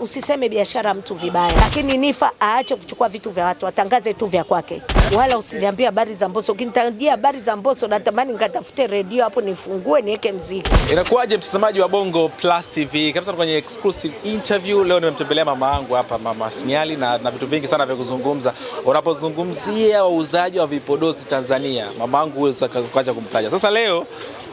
Usiseme biashara mtu vibaya, lakini Nifa aache kuchukua vitu vya watu, atangaze tu vya kwake, wala usiniambie habari za Mbosso. Ukinitajia habari za Mbosso natamani nikatafute redio hapo nifungue niweke mziki. Inakuwaje mtazamaji wa Bongo Plus TV kabisa, kwenye exclusive interview leo nimemtembelea mama yangu hapa, mama Sinyali, na na vitu vingi sana vya kuzungumza. Unapozungumzia wauzaji wa vipodozi Tanzania, mama yangu huwezi kuacha kumtaja. Sasa leo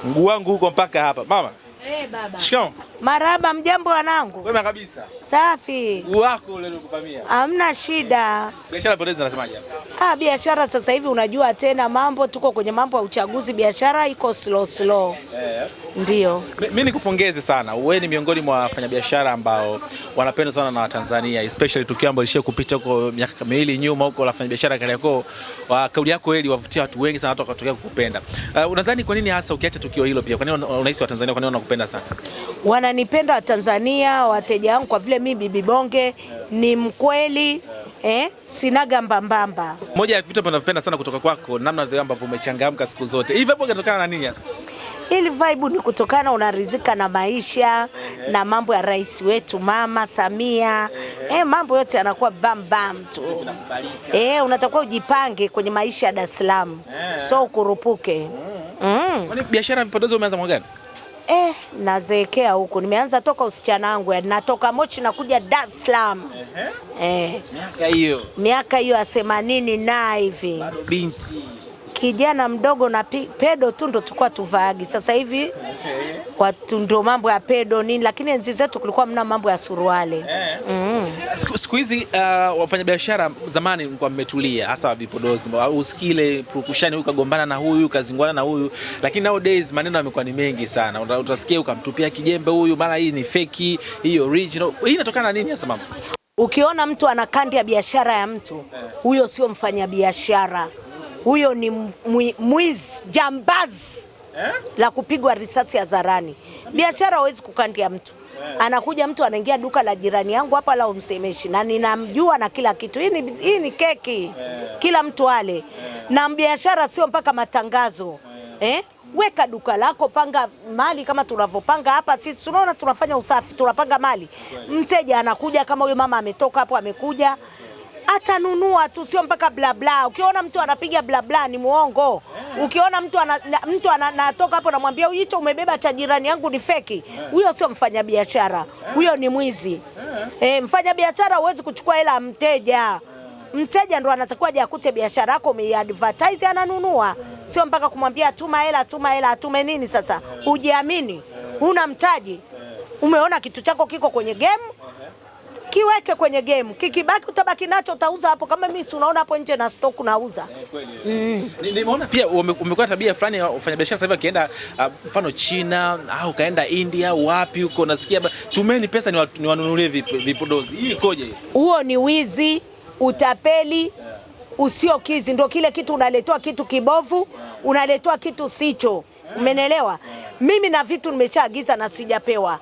mguu wangu huko mpaka hapa mama Hey, eh, baba. Shikamoo. Maraba, mjambo wanangu? Wema kabisa. Safi. Uwako ule nikupamia. Hamna shida. Biashara poteza nasemaje Ah, biashara sasa hivi unajua tena mambo tuko kwenye mambo ya uchaguzi, biashara iko slow slow. Eh. Ndio. Mimi nikupongeze sana. Wewe ni miongoni mwa wafanyabiashara ambao wanapendwa sana na Watanzania, especially tukio ambalo lishia kupita huko miaka miwili nyuma huko la fanyabiashara Kariakoo. Kauli yako ile wavutia watu wengi sana, watu wakatokea kukupenda. Uh, unadhani kwa nini hasa ukiacha tukio hilo pia? Kwa nini unahisi Watanzania kwa nini wanakupenda sana? Wananipenda Watanzania, wateja wangu, kwa vile mimi bibi bonge ni mkweli eh, sinaga mbambamba. Moja ya vitu ninavyopenda sana kutoka kwako, namna ambavyo umechangamka siku zote. Hii vibe inatokana na nini hasa? Ili vibe ni kutokana, unarizika na maisha na mambo ya rais wetu Mama Samia eh, mambo yote yanakuwa bam bam tu eh, unatakiwa ujipange kwenye maisha ya Dar es Salaam, eh. so ukurupuke. Mm. Kwani biashara ya vipodozi umeanza mwaka gani? Eh, nazeekea huku, nimeanza toka usichana wangu, natoka Moshi nakuja Dar es Salaam. Eh, miaka hiyo miaka hiyo ya themanini na hivi bado binti kijana mdogo na pedo tu ndo tulikuwa tuvaagi. Sasa hivi okay, ndo mambo ya pedo nini, lakini enzi zetu kulikuwa mna mambo ya suruali yeah. mm. Siku hizi uh, wafanyabiashara zamani mlikuwa mmetulia, hasa vipodozi, usikile purukushani, huyu kagombana na huyu kazingwana na huyu, lakini nowadays maneno yamekuwa ni mengi sana, utasikia ukamtupia kijembe huyu, mara hii ni feki, hii original. Hii inatokana na nini hasa mama? Ukiona mtu ana kandi ya biashara ya mtu eh. huyo, sio mfanyabiashara huyo ni mwizi jambazi eh? la kupigwa risasi hadharani. Biashara hawezi kukandia mtu eh. Anakuja mtu anaingia duka la jirani yangu hapa la umsemeshi, na ninamjua na kila kitu. Hii ni, hii ni keki eh. Kila mtu ale eh. Na biashara sio mpaka matangazo eh. Eh? Weka duka lako, panga mali kama tunavyopanga hapa sisi. Tunaona tunafanya usafi, tunapanga mali. Mteja anakuja kama huyo mama ametoka hapo, amekuja atanunua tu, sio mpaka blabla. Ukiona mtu anapiga blabla ni muongo. Ukiona mtu ana, na, mtu anatoka hapo namwambia hicho umebeba cha jirani yangu ni feki, huyo sio mfanyabiashara, huyo ni mwizi. E, mfanyabiashara huwezi kuchukua hela mteja mteja ndo anatakiwa aje akute biashara yako umeiadvertise, ananunua, sio mpaka kumwambia atuma hela, atuma hela, atume nini? Sasa hujiamini, huna mtaji, umeona kitu chako kiko kwenye game, uh-huh kiweke kwenye game, kikibaki utabaki nacho, utauza hapo. Kama mimi si unaona hapo nje na stock nauza. Eh, nimeona pia umekuwa tabia fulani ufanya biashara sasa hivi akienda ah, mfano China au ah, kaenda India au wapi huko, nasikia tumeni pesa ni wanunulie vipodozi. Hii ikoje? Huo ni wizi, utapeli usiokizi, ndio kile kitu unaletoa kitu kibovu, unaletoa kitu sicho, umenelewa? Mimi na vitu nimeshaagiza na sijapewa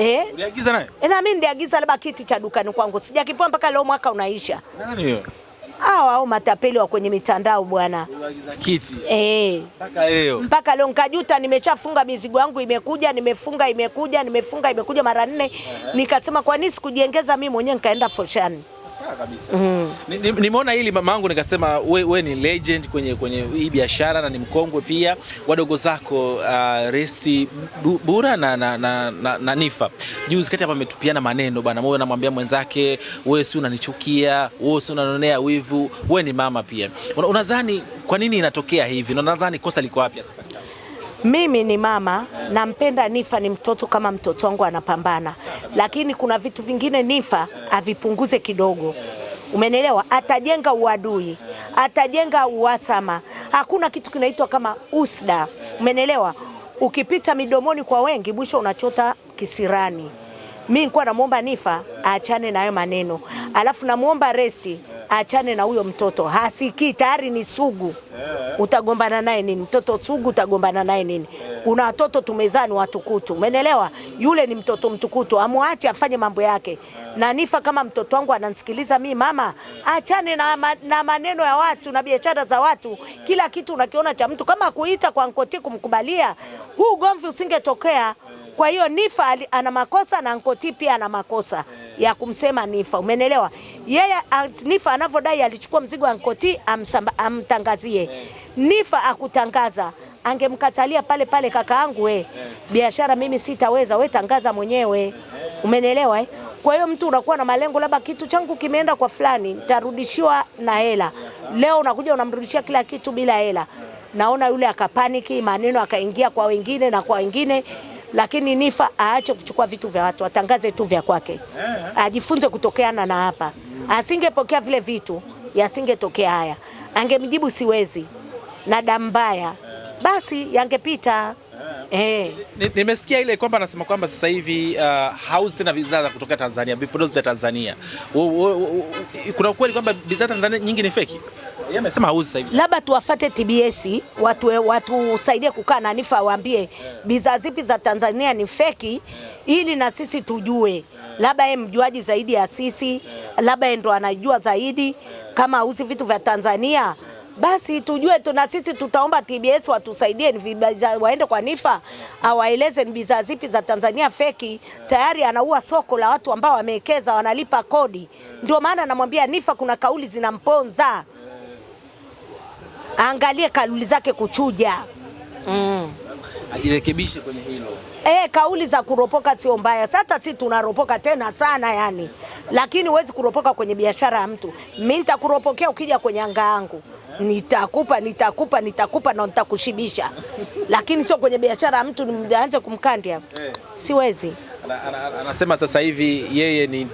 Eh? Uliagiza naye? Eh, na mimi niliagiza labda kiti cha dukani kwangu. Sijakipewa mpaka leo mwaka unaisha. Nani hiyo? Hawa au matapeli wa kwenye mitandao bwana. Uliagiza kiti. Eh. Mpaka leo. Mpaka leo nikajuta, nimeshafunga mizigo yangu imekuja, nimefunga imekuja, nimefunga imekuja mara nne. Uh -huh. Nikasema kwa nini sikujengeza mimi mwenyewe nikaenda Foshani. Mm. Nimeona hili mama hili nikasema we, we ni legend kwenye kwenye hii biashara na ni mkongwe pia. Wadogo zako uh, Resti Bura na, na, na, na, na Nifa. Juzi kati hapa ametupiana maneno bana. Mmoja unamwambia mwenzake wewe si unanichukia, wewe si unanonea wivu, wewe ni mama pia. Unadhani kwa nini inatokea hivi? Na unadhani kosa liko wapi sasa katika mimi ni mama, nampenda Nifa, ni mtoto kama mtoto wangu, anapambana, lakini kuna vitu vingine Nifa avipunguze kidogo, umenielewa? Atajenga uadui, atajenga uhasama. Hakuna kitu kinaitwa kama usda, umenielewa? Ukipita midomoni kwa wengi, mwisho unachota kisirani. Mimi nilikuwa namwomba Nifa aachane na hayo maneno, alafu namwomba Resti achane na huyo mtoto, hasikii tayari ni sugu. Eh. Utagombana naye nini? Mtoto sugu utagombana naye nini? Eh. Kuna watoto tumezaa ni watukutu, umeelewa? Yule ni mtoto mtukutu, amwache afanye mambo yake. Eh. Na nifa kama mtoto wangu ananisikiliza mi mama, achane na, ma, na maneno ya watu na biashara za watu. Kila kitu unakiona cha mtu, kama kuita kwa Nkoti kumkubalia, huu ugomvi usingetokea. Kwa hiyo Nifa ana makosa na Nkoti pia ana makosa ya kumsema Nifa, umenelewa? Yeye Nifa anavyodai alichukua mzigo wa Nkoti amtangazie Nifa, akutangaza angemkatalia pale pale, kakaangu we, biashara mimi sitaweza, we tangaza mwenyewe, umenelewa eh? Kwa hiyo mtu unakuwa na malengo, labda kitu changu kimeenda kwa fulani, nitarudishiwa na hela. Leo unakuja unamrudishia kila kitu bila hela. Naona yule akapaniki maneno, akaingia kwa wengine na kwa wengine lakini Nifa aache kuchukua vitu vya watu, atangaze tu vya kwake, ajifunze kutokeana na hapa. Asingepokea vile vitu, yasingetokea haya. Angemjibu siwezi na damu mbaya, basi yangepita. Eh. Nimesikia ni ile kwamba anasema kwamba sasa hivi uh, hauzi tena bidhaa za kutoka Tanzania, vipodozi vya Tanzania. Kuna ukweli kwamba bidhaa Tanzania nyingi ni feki? yeye amesema hauzi sasa hivi. Labda tuwafate TBS watu watusaidie kukaa na Nifa waambie yeah. bidhaa zipi za Tanzania ni feki yeah. ili na sisi tujue yeah. labda yeye mjuaji zaidi ya sisi yeah. labda yeye ndo anajua zaidi yeah. kama hauzi vitu vya Tanzania yeah. Basi tujue tu na sisi tutaomba TBS watusaidie ni waende kwa Niffer awaeleze ni bidhaa zipi za Tanzania feki. Tayari anaua soko la watu ambao wamewekeza wanalipa kodi. Ndio maana namwambia Nifa kuna kauli zinamponza aangalie kauli zake kuchuja mm. Ajirekebishe kwenye hilo. E, kauli za kuropoka sio mbaya. Sasa si tunaropoka tena sana yani, lakini huwezi kuropoka kwenye biashara ya mtu. Mimi nitakuropokea ukija kwenye anga yangu, nitakupa nitakupa nitakupa na nitakushibisha, lakini sio kwenye biashara ya mtu nianze kumkandia, eh. siwezi anasema sasa hivi yeye ni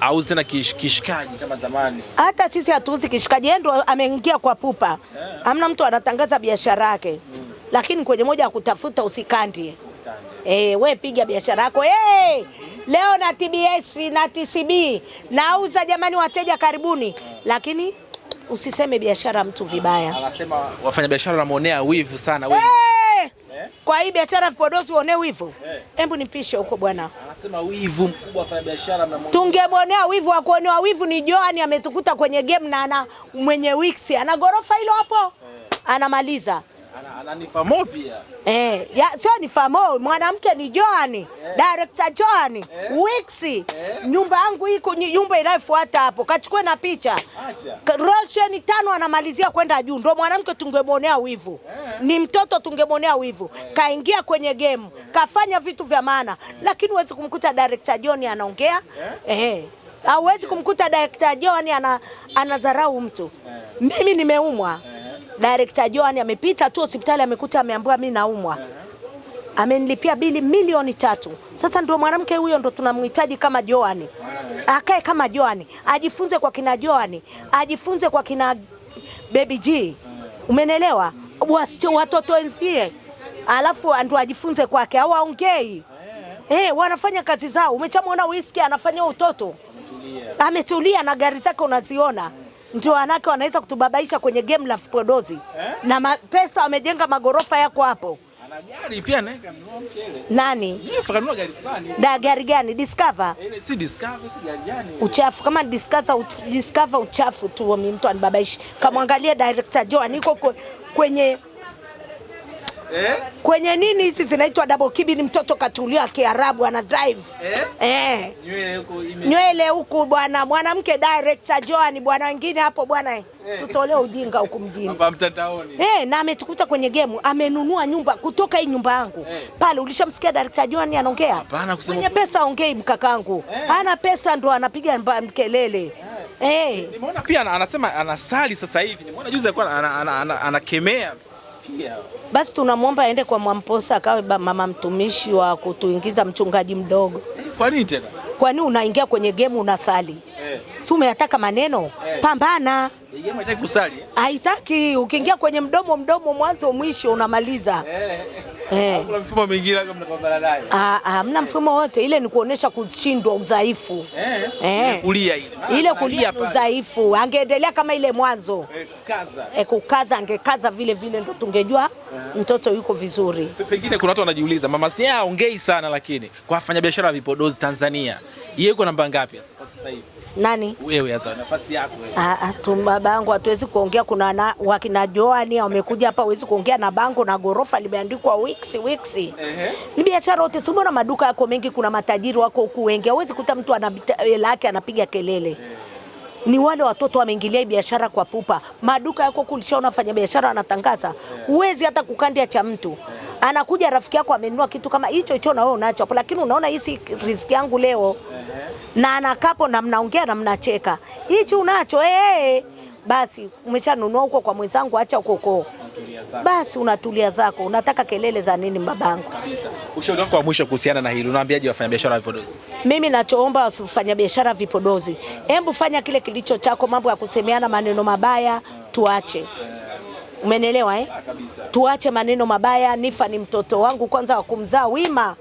auze na kish, kishikaji kama zamani. Hata sisi hatuuzi kishikaji, yeye ndo ameingia kwa pupa yeah. Amna mtu anatangaza biashara yake mm. Lakini kwenye moja ya kutafuta usikandie, usikandie. E, eh, we piga biashara yako hey! mm -hmm. Leo na TBS na TCB nauza, jamani wateja karibuni yeah. Lakini usiseme biashara mtu vibaya. Anasema wafanyabiashara wanamwonea wivu sana wewe. Hey! Kwa hii biashara vipodozi uonee wivu? Eh. Hebu eh, nipishe huko bwana. Anasema wivu mkubwa kwa biashara na tungemwonea wivu wa kuonewa wivu ni joani ametukuta kwenye game na ana mwenye wiksi ana gorofa hilo hapo. Eh. Anamaliza. Ananifamo pia eh, ya sio nifamo, mwanamke ni Joani eh, director Joani eh, Wixi eh, nyumba yangu iko nyumba inayofuata hapo, kachukue na picha rosheni tano, anamalizia kwenda juu. Ndio mwanamke tungemwonea wivu eh, ni mtoto tungemwonea wivu eh, kaingia kwenye game eh, kafanya vitu vya maana eh, lakini huwezi kumkuta director Joani anaongea eh, eh hauwezi kumkuta director Joani ana anadharau mtu eh, mimi nimeumwa eh. Director Joan amepita tu hospitali amekuta ameambiwa mimi naumwa. Amenilipia bili milioni tatu. Sasa ndio mwanamke huyo ndio tunamhitaji kama Joan. Akae kama Joan, ajifunze kwa kina Joan, ajifunze kwa kina Baby G. Umenelewa? Watoto wenzie. Alafu ndio ajifunze kwake au aongei. Eh, wanafanya kazi zao. Umechamwona Wizkid anafanya utoto. Ametulia na gari zake unaziona ndio wanawake wanaweza kutubabaisha kwenye game la vipodozi eh? na ma pesa wamejenga magorofa yako hapo. gari pia Nani? gari Da gari gani? Discover. Eh, ile si Discover si gari gani? Uchafu kama Discover Discover uchafu tu mtu anibabaishi. kamwangalia director Joan niko kwenye Eh? Kwenye nini hizi zinaitwa double kibi, ni mtoto katulia Kiarabu ana drive eh? Eh. Nywele huku bwana, mwanamke director Joan bwana, wengine hapo bwana eh. Tutolea ujinga huku mjini eh, na ametukuta kwenye gemu, amenunua nyumba kutoka hii nyumba yangu eh. Pale ulishamsikia director Joan anaongea kwenye pesa, aongei mkakangu eh. Hana pesa ndo anapiga mkelele eh. Hey. Eh. Nimeona pia anasema anasali sasa hivi. Nimeona juzi alikuwa anakemea ana, ana, ana, ana basi tunamwomba aende kwa Mwamposa akawe mama mtumishi wa kutuingiza mchungaji mdogo. Eh, kwa nini tena? Kwani unaingia kwenye gemu unasali eh? Si umeyataka maneno eh? Pambana. Gemu haitaki kusali, haitaki. Ukiingia kwenye mdomo mdomo, mwanzo mwisho unamaliza eh. Hey. Eh. mfumo mwingine kama mnapambana naye? Ah, ah, hamna mfumo wote, ile ni kuonesha kushindwa, udhaifu. Eh. Eh. Kulia ile. Ile kulia udhaifu. Angeendelea kama ile mwanzo. Eh, kukaza. Eh, kukaza angekaza vile vile ndo tungejua eh. Mtoto yuko vizuri. Pengine kuna watu wanajiuliza, Mama Siaya aongei sana lakini kwa wafanyabiashara wa vipodozi Tanzania, yeye yuko namba ngapi sasa hivi? Nani? Wewe sasa nafasi yako wewe. Ah, ah tu yangu hatuwezi kuongea kuna na, wakina Joani wamekuja hapa huwezi kuongea na bango na gorofa limeandikwa Wix Wix. Uh Ni biashara yote sio na maduka yako mengi kuna matajiri wako huku wengi. Hawezi kuta mtu ana hela yake anapiga kelele. Eh. Ni wale watoto wameingilia biashara kwa pupa. Maduka yako kulisha unafanya biashara anatangaza. Eh. Huwezi hata kukandia cha mtu. Eh. Anakuja rafiki yako amenunua kitu kama hicho hicho na wewe unacho hapo, lakini unaona hii riziki yangu leo uh-huh. na anakapo na mnaongea na mnacheka, hichi unacho eh, eh. basi umeshanunua huko kwa mwenzangu, acha huko huko basi unatulia zako. Unataka kelele za nini babangu? Kabisa. Ushauri wako wa mwisho kuhusiana na hili unaambiaje wafanyabiashara vipodozi? Mimi nachoomba wafanyabiashara vipodozi, hebu fanya kile kilicho chako, mambo ya kusemeana maneno mabaya tuache. Uh-huh. Umenelewa eh? Tuache maneno mabaya. Nifa ni mtoto wangu kwanza wa kumzaa wima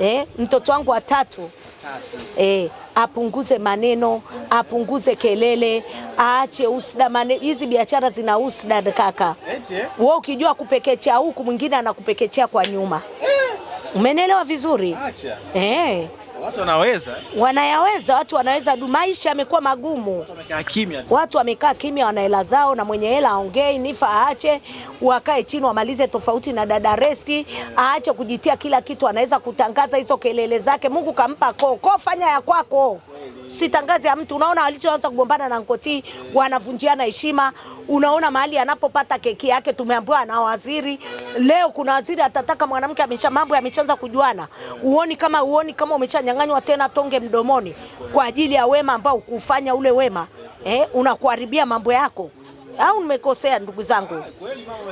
Eh? eh? Mtoto wangu wa tatu eh, apunguze maneno, apunguze kelele, aache usda. Hizi biashara zina usda kaka. Eh? Wewe ukijua kupekechea huku, mwingine anakupekechea kwa nyuma. Eh. Umenelewa vizuri eh? watu wanaweza, wanayaweza, watu wanaweza. du Maisha yamekuwa magumu, watu wamekaa kimya, wanahela zao, na mwenye hela aongei, nifa aache, wakae chini wamalize, tofauti na dada Resti, aache kujitia kila kitu, anaweza kutangaza hizo kelele zake. Mungu kampa koko, fanya ya kwako si ya mtu. Unaona walichoanza kugombana na Nkoti, wanavunjiana heshima. Unaona mahali anapopata keki yake, tumeambiwa na waziri leo. Kuna waziri atataka mwanamke, amesha mambo yamechanza kujuana. Uoni kama uoni kama umeshanyang'anywa tena tonge mdomoni kwa ajili ya wema ambao kufanya ule wema eh, unakuharibia mambo yako au nimekosea? Ndugu zangu,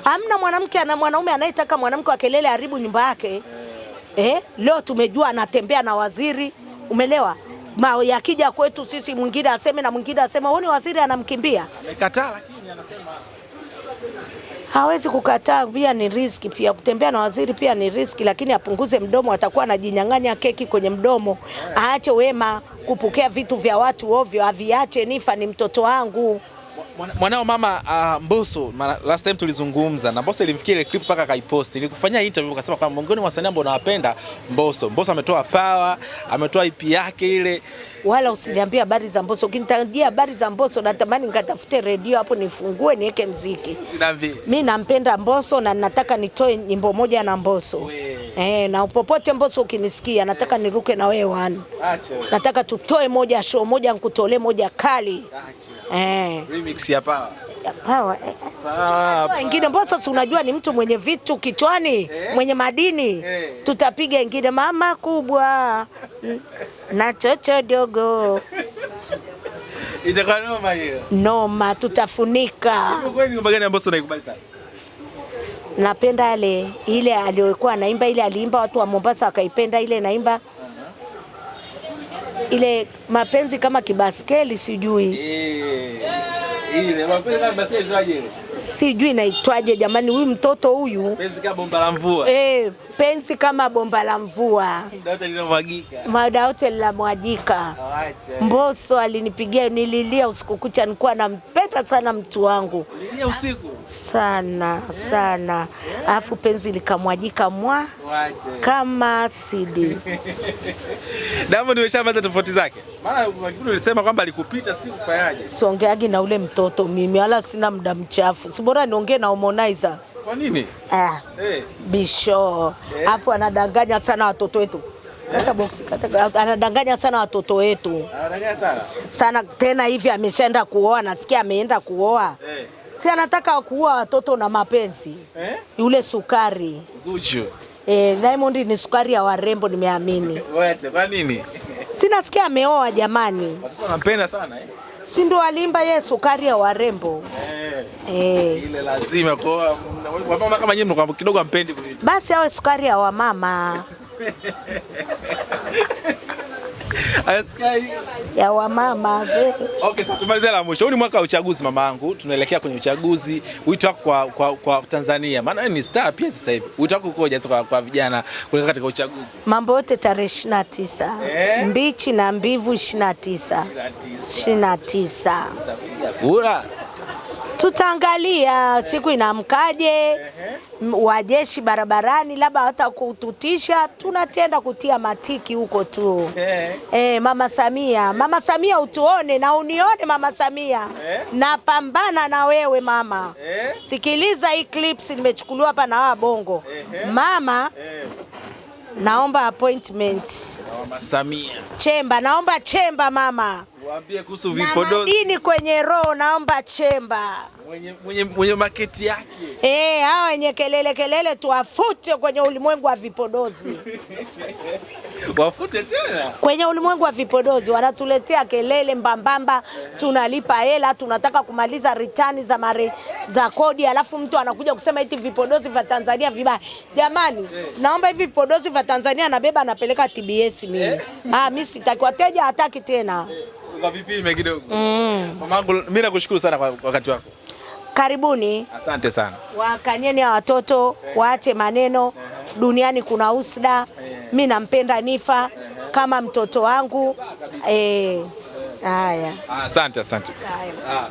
hamna mwanamke ana mwanaume anayetaka mwanamke akelele haribu nyumba yake eh. Leo tumejua anatembea na waziri, umelewa Mao yakija kwetu sisi, mwingine aseme na mwingine aseme. huni waziri anamkimbia, amekataa, lakini anasema hawezi kukataa. Pia ni riski, pia kutembea na waziri pia ni riski, lakini apunguze mdomo. Atakuwa anajinyang'anya keki kwenye mdomo, aache wema kupokea vitu vya watu ovyo, aviache. Nifa ni mtoto wangu mwanao mama uh, Mbosso last time tulizungumza na Mbosso, ilimfikia ile clip mpaka akaipost. ilikufanyia interview ukasema kwamba miongoni mwa wasanii ambao unawapenda Mbosso. Mbosso ametoa power, ametoa ip yake ile. Wala usiniambie habari za Mbosso. Ukinitajia habari za Mbosso natamani nikatafute redio hapo nifungue niweke mziki. Mimi nampenda Mbosso na nataka nitoe nyimbo moja na Mbosso. Eh, na popote Mbosso ukinisikia, nataka niruke na wewe wani, nataka tutoe moja show moja, nkutole moja kali eh. Remix ya power ya power eh. eh. Power ingine Mbosso, si unajua ni mtu mwenye vitu kichwani eh, mwenye madini eh. Tutapiga ingine mama kubwa mm, na chocho dogo itakuwa noma hiyo, noma tutafunika. Kwa kweli, ngoma gani ambayo unaikubali sana? napenda ale ile aliyokuwa naimba ile aliimba, watu wa Mombasa wakaipenda ile naimba ile mapenzi kama kibaskeli, sijui eh, eh, sijui naitwaje jamani, huyu mtoto huyu, mapenzi kama bomba la mvua eh mapenzi kama bomba la mvua, mada yote linamwagika. mboso alinipigia, nililia usiku kucha, nilikuwa nampenda sana mtu wangu usiku sana sana, alafu penzi likamwagika mwa kama asidi. Diamond nimeshamaliza tofauti zake, maana ulisema kwamba alikupita, si ufanyaje? Siongeagi na ule mtoto mimi, wala sina muda mchafu, si bora niongee na Harmonizer. Kwa nini? Eh. Hey. Eh. Bisho. Hey. Eh. Afu anadanganya sana watoto wetu. Kata eh. boksi, kata, anadanganya sana watoto wetu sana, sana tena hivi ameshaenda kuoa, nasikia ameenda kuoa hey. Si anataka kuoa watoto na mapenzi hey. Yule sukari Zuchu. Eh, Diamond ni sukari ya warembo nimeamini. Wete, kwa nini? Sinasikia ameoa jamani. Watoto wanampenda sana eh. Si ndo alimba yeye sukari ya warembo hey. Eh. Ile lazima kwa kama nyinyi kidogo ampendi kulia. Basi awe sukari ya wamama ya wamama. Okay, sasa tumalizia la mwisho. Huu ni mwaka wa uchaguzi mama yangu, tunaelekea kwenye uchaguzi. Wito wako kwa, kwa, kwa Tanzania, maana ni star pia sasa hivi, wito wako ukoje kwa, kwa vijana kuleka katika uchaguzi? Mambo yote tarehe 29 eh, mbichi na mbivu 29 tisa utapiga kura tutaangalia siku inamkaje, wajeshi barabarani labda hata kututisha, tunatenda kutia matiki huko tu e, Mama Samia, Mama Samia utuone na unione Mama Samia, napambana na wewe mama. Sikiliza hii clips nimechukuliwa hapa na wa Bongo mama Naomba appointment Mama Samia Chemba, naomba Chemba mama, Waambie kuhusu vipodozi. Madini kwenye roho naomba chemba. Mwenye, mwenye, mwenye maketi yake. Eh, hawa wenye kelele kelele tuwafute kwenye ulimwengu wa vipodozi. Wafute tena. Kwenye ulimwengu wa vipodozi wanatuletea kelele mbambamba, tunalipa hela, tunataka kumaliza ritani za mare, za kodi, alafu mtu anakuja kusema eti vipodozi vya Tanzania vibaya. Jamani, eh. naomba hivi vipodozi vya Tanzania nabeba napeleka TBS mimi. Eh. Ah, mimi sitaki wateja hataki tena. Eh kwa vipime kidogo. Mm. Mamangu, mimi nakushukuru sana kwa wakati wako. Karibuni. Asante sana. Wakanyeni hawa watoto eh. waache maneno. Eh. Duniani kuna usda. Eh. Mimi nampenda Nifa kama mtoto wangu. Eh. Haya. Asante, ah. asante. Haya.